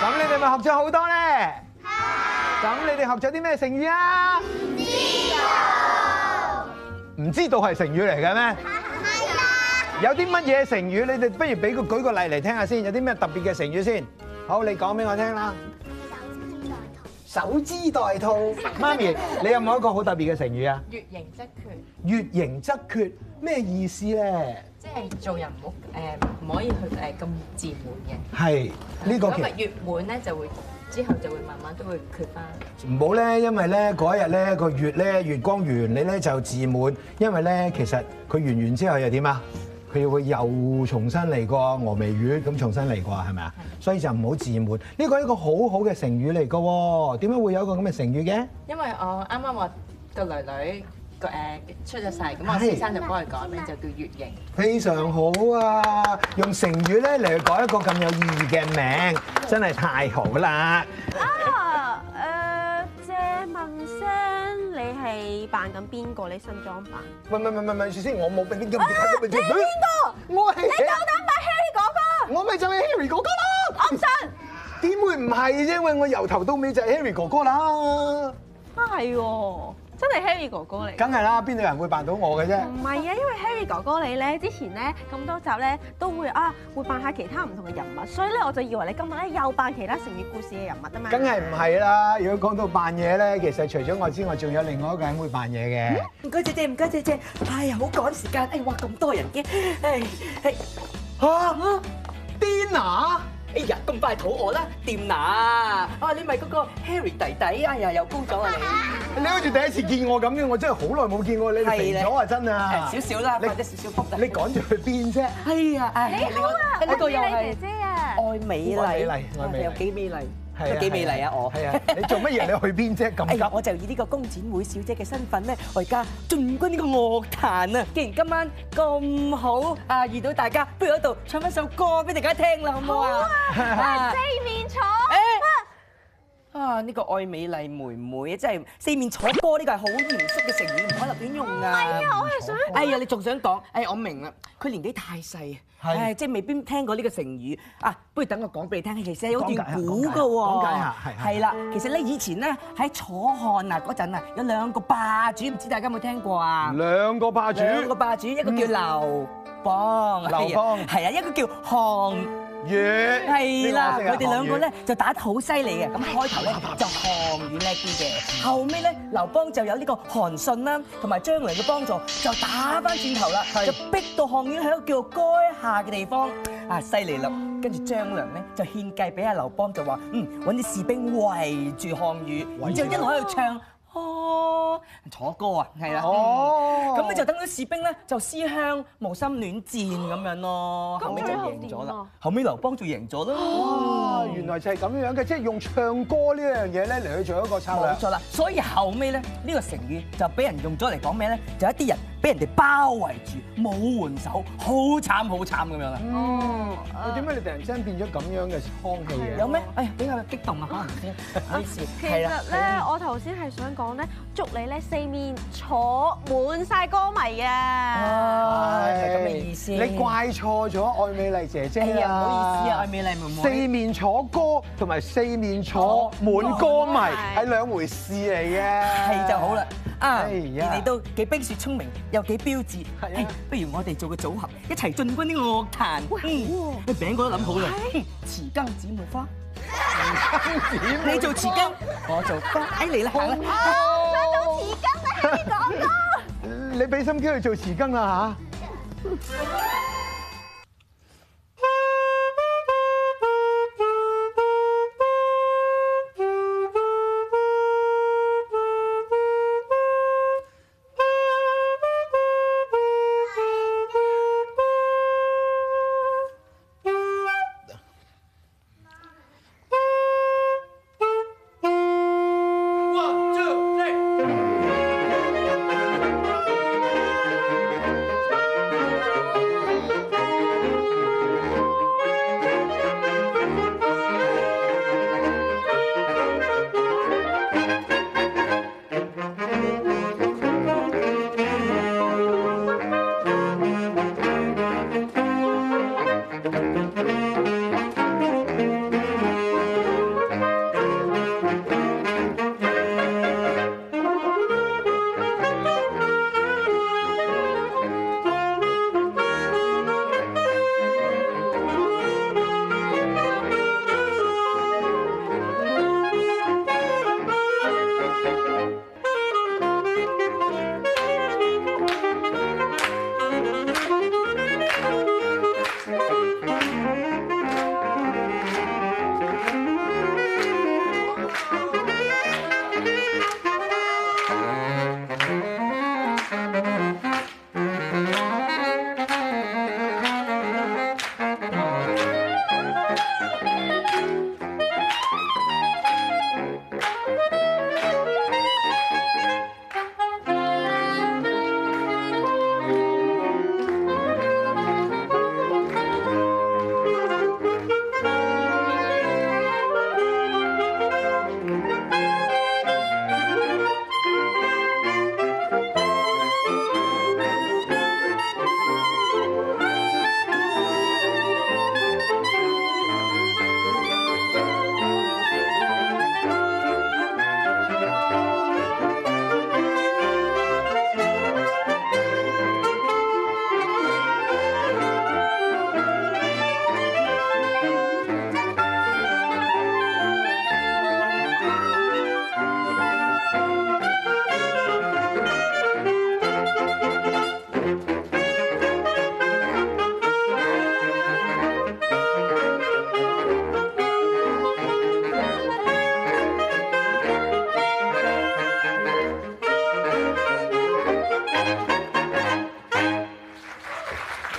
咁你哋咪學咗好多咧？係。咁你哋學咗啲咩成語啊？唔知道。唔知道係成語嚟嘅咩？有啲乜嘢成語？你哋不如俾佢舉個例嚟聽下先。有啲咩特別嘅成語先？好，你講俾我聽啦。守株待兔。守株待兔。媽咪，你有冇一個好特別嘅成語啊？月盈則缺。月盈則缺，咩意思咧？即係做人唔好誒，唔可以去誒咁自滿嘅。係呢個，其實月滿咧就會之後就會慢慢都會缺翻。唔好咧，因為咧嗰日咧個月咧月光圓，你咧就自滿。因為咧其實佢圓完之後又點啊？佢會又重新嚟過峨眉月，咁重新嚟過係咪啊？所以就唔好自滿。呢個係一個好好嘅成語嚟㗎喎。點解會有一個咁嘅成語嘅？因為我啱啱話個女女。個誒出咗世，咁我師生就幫佢改名，就叫月盈。非常好啊！用成語咧嚟去改一個咁有意義嘅名，真係太好啦！啊誒，借問聲，你係扮緊邊個呢？新裝扮？問問問問咪住先，我冇俾啲咁嘅人咁住。你邊個？我係。你夠膽扮 Harry 哥哥？我咪就係 Harry 哥哥啊！我唔信。點會唔係？因為我由頭到尾就係 Harry 哥哥啦。係喎。真係 Harry 哥哥嚟，梗係啦，邊度人會扮到我嘅啫？唔係啊，因為 Harry 哥哥你咧，之前咧咁多集咧都會啊，會扮下其他唔同嘅人物，所以咧我就以為你今日咧又扮其他成語故事嘅人物啊嘛。梗係唔係啦？如果講到扮嘢咧，其實除咗我之外，仲有另外一個人會扮嘢嘅。唔該姐姐，唔該姐姐。哎呀，好趕時間，哎哇，咁多人嘅，哎係嚇，Dina。哎呀，咁快肚餓啦，掂嗱！啊，你咪嗰個 Harry 弟弟，哎呀，又高咗啊你！你好似第一次見我咁樣，我真係好耐冇見過你，變咗啊真啊，少少啦，或者少少幅度。你趕住去邊啫？係啊，你好啊，呢個 Harry 姐姐啊，愛美麗，愛美麗，愛美麗。都幾美麗啊！我，你做乜嘢？ 你去邊啫？咁，我就以呢個工展會小姐嘅身份咧，我而家進軍呢個樂壇啊！既然今晚咁好啊，遇到大家，不如喺度唱翻首歌俾大家聽啦，好唔好啊？ 四面楚。啊！呢個愛美麗妹妹真係四面楚歌，呢個係好嚴肅嘅成語，唔可以立亂用㗎。係啊，我係想，哎呀，你仲想講？哎，我明啦，佢年紀太細啊，誒，即係未必聽過呢個成語。啊，不如等我講俾你聽，其實有段古嘅喎。講解下，係係啦，其實咧以前咧喺楚漢嗱嗰陣啊，有兩個霸主，唔知大家有冇聽過啊？兩個霸主，兩個霸主，一個叫劉邦，劉邦係啊，一個叫項。係啦，佢哋，這個，兩個咧就打得好犀利嘅，咁開頭咧就項羽叻啲嘅，後尾咧劉邦就有呢個韓信啦，同埋張良嘅幫助，就打翻轉頭啦，就逼到項羽喺一個叫做垓下嘅地方，啊，犀利啦，跟住張良咧就獻計俾阿劉邦，就話嗯，搵啲士兵圍住項羽，然之後一路喺度唱。楚哦，楚歌啊，係啦，咁你就等到士兵咧就思鄉，無心戀戰咁樣咯，後尾就贏咗啦，後尾劉邦就贏咗啦。原來就係咁樣嘅，即係用唱歌呢樣嘢咧嚟去做一個策略。冇錯啦，所以後尾咧呢個成語就俾人用咗嚟講咩咧？就一啲人俾人哋包圍住，冇援手，好慘好慘咁樣啦。嗯，點解你突然間變咗咁樣嘅腔氣嘅？有咩？哎，比較激動啊？啊、嗯，沒事。其實咧，我頭先係想講。祝你咧四面坐滿晒歌迷啊！係咁嘅意思，你怪錯咗愛美麗姐姐啊！唔好意思啊，愛美麗妹妹。四面坐歌同埋四面坐滿歌迷係兩回事嚟嘅，係就好啦。啊，你哋都幾冰雪聰明，又幾標緻。係啊，不如我哋做個組合，一齊進軍啲樂壇。嗯，餅哥都諗好啦，遲羹、姊妹花。你做匙羹，我做。哎，嚟啦，行啦。做匙羹，你行呢度。你俾心機去做匙羹啦，吓！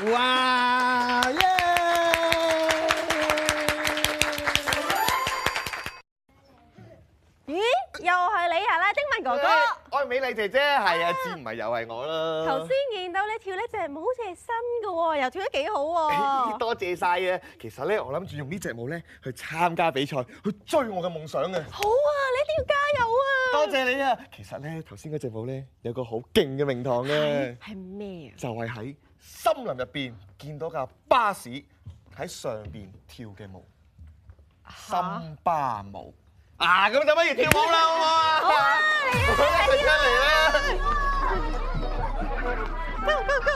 咦？又係你啊，呢丁文哥哥。愛美麗姐姐，係啊，至唔係又係我啦。頭先見到你跳呢隻舞，好似係新嘅喎，又跳得幾好喎。多謝晒啊！其實咧，我諗住用呢隻舞咧去參加比賽，去追我嘅夢想啊！好啊，你一定要加油啊！多謝你啊！其實咧，頭先嗰隻舞咧有個好勁嘅名堂嘅，係咩啊？就係喺。森林入邊見到架巴士喺上邊跳嘅舞，森巴舞啊！咁就不如跳舞啦，好嘛？嚟啦嚟啦嚟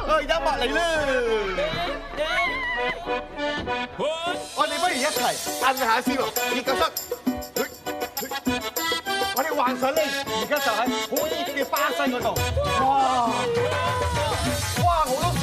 啦！一萬嚟啦！我哋不如一齊睇下先喎。而家先，我哋幻想呢，而家就喺好熱嘅巴西嗰度。哇！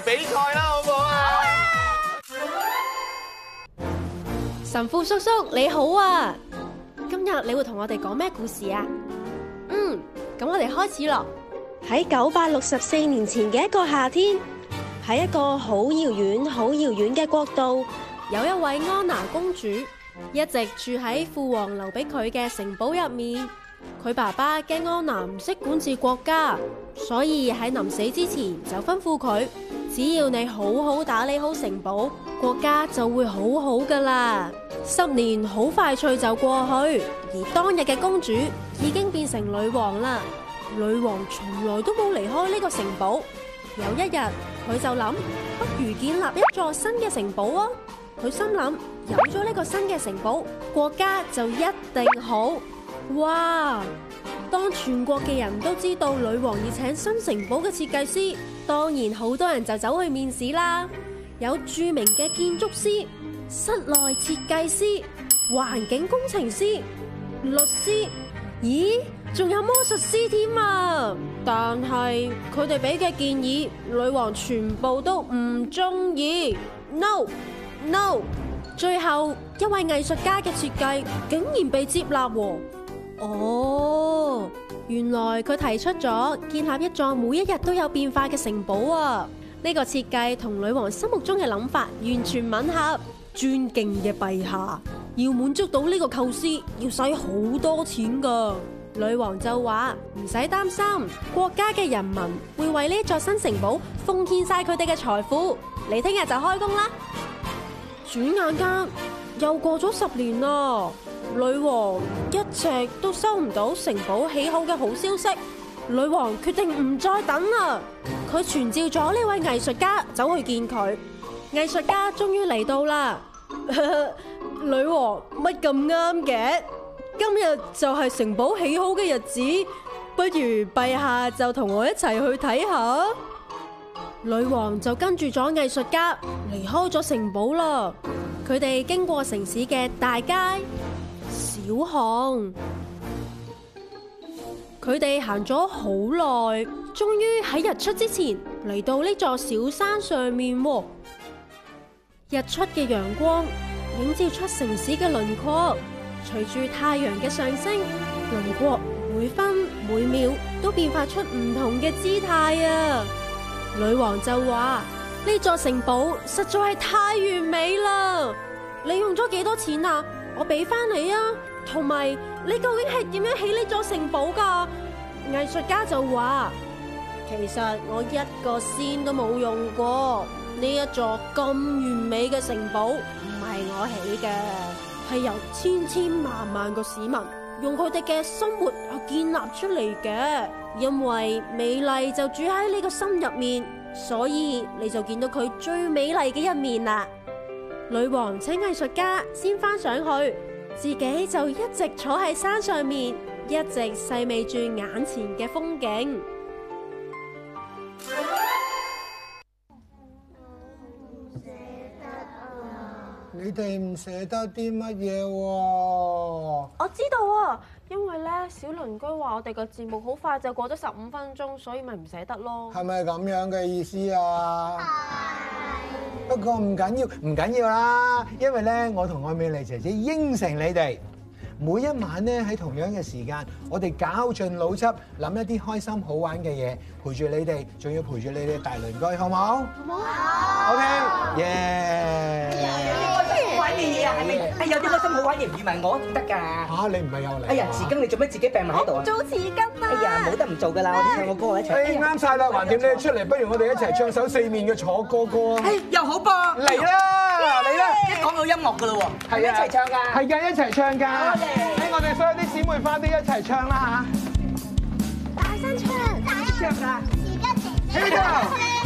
比賽啦，好唔好啊？神父叔叔，你好啊！今日你會同我哋講咩故事啊？嗯，咁我哋開始咯。喺九百六十四年前嘅一個夏天，喺一個好遙遠、好遙遠嘅國度，有一位安娜公主一直住喺父王留俾佢嘅城堡入面。佢爸爸驚安娜唔識管治國家，所以喺臨死之前就吩咐佢。只要你好好打理好城堡，國家就會好好㗎喇。十年好快脆就過去，而當日嘅公主已經變成女王啦。女王從來都冇離開呢個城堡。有一日，佢就諗，不如建立一座新嘅城堡哦。佢心諗，有咗呢個新嘅城堡，國家就一定好。哇！當全國嘅人都知道女王要請新城堡嘅設計師，當然，好多人就走去面試啦。有著名嘅建築師、室內設計師、環境工程師、律師，咦？仲有魔術師添啊！但係佢哋俾嘅建議，女王全部都唔中意。No，No，no。最後一位藝術家嘅設計竟然被接納。哦，原來佢提出咗建立一座每一日都有變化嘅城堡啊！呢個設計同女王心目中嘅諗法完全吻合。尊敬嘅陛下，要滿足到呢個構思，要使好多錢㗎。女王就話唔使擔心，國家嘅人民會為呢座新城堡奉獻晒佢哋嘅財富。你聽日就開工啦。轉眼間又過咗十年啦。女王一直都收唔到城堡起好嘅好消息，女王決定唔再等啦。佢傳召咗呢位藝術家走去見佢。藝術家終於嚟到啦！呵呵，女王乜咁啱嘅？今日就係城堡起好嘅日子，不如陛下就同我一齊去睇下。女王就跟住咗藝術家離開咗城堡啦。佢哋經過城市嘅大街。小巷，佢哋行咗好耐，終於喺日出之前嚟到呢座小山上面。日出嘅陽光映照出城市嘅輪廓，隨住太陽嘅上升，輪廓每分每秒都變化出唔同嘅姿態啊！女王就話：呢座城堡實在係太完美啦！你用咗幾多錢啊？我俾翻你啊！同埋，你究竟係點樣起呢座城堡噶？藝術家就話：其實我一個仙都冇用過，呢一座咁完美嘅城堡不是的，唔係我起嘅，係由千千萬萬個市民用佢哋嘅生活來建立出嚟嘅。因為美麗就住喺呢個心入面，所以你就見到佢最美麗嘅一面啦。女王請藝術家先翻上去。自己就一直坐喺山上面，一直細味住眼前嘅風景。不捨你哋唔捨得啲乜嘢喎？我知道啊，因為呢小鄰居話我哋個節目好快就過咗十五分鐘，所以咪唔捨得咯。係咪咁樣嘅意思啊？Hi. 不過唔緊要，唔緊要啦，因為咧，我同愛美麗姐姐應承你哋，每一晚咧，喺同樣嘅時間，我哋搞盡腦汁諗一啲開心好玩嘅嘢，陪住你哋，仲要陪住你哋大鄰居，好冇？好冇？好，OK，Yeah。玩嘢啊？哎，有啲開心，好玩嘢唔係我得噶。嚇、啊，你唔係又嚟？哎呀，匙羹，你做咩自己病埋喺度啊、哎？做匙羹啊！哎呀，冇得唔做噶啦！我哋唱個歌一齊。哎，啱晒啦！橫掂你出嚟，不如我哋一齊唱首四面嘅楚歌歌啊！哎，又好噃！嚟啦！你、yeah、嚟啦！一、yeah、講到音樂噶啦喎，係、yeah、啊，一齊唱㗎，係㗎，一齊唱㗎、right。我哋，我哋所有啲姊妹花都一齊唱啦嚇！大聲唱，大聲唱，係